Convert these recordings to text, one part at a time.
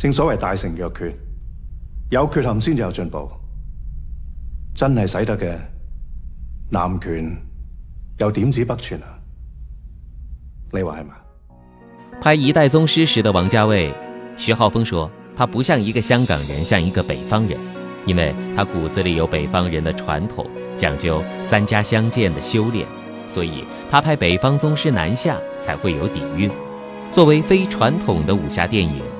正所謂大成若缺，有缺陷先至有進步。真係使得嘅南拳又點止北拳啊？你話係嘛？拍《一代宗師》時的王家衛，徐浩峰說他不像一個香港人，像一個北方人，因為他骨子裡有北方人的傳統，講究三家相見的修煉，所以他拍《北方宗師》南下才會有底蘊。作為非傳統的武俠電影。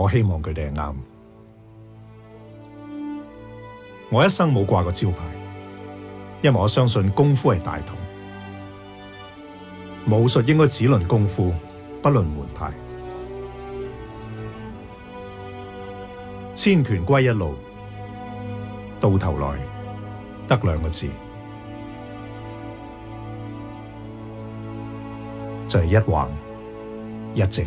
我希望佢哋係啱。我一生冇掛過招牌，因為我相信功夫係大同，武術應該只論功夫，不論門派。千拳歸一路，到頭來得兩個字，就係一橫一直。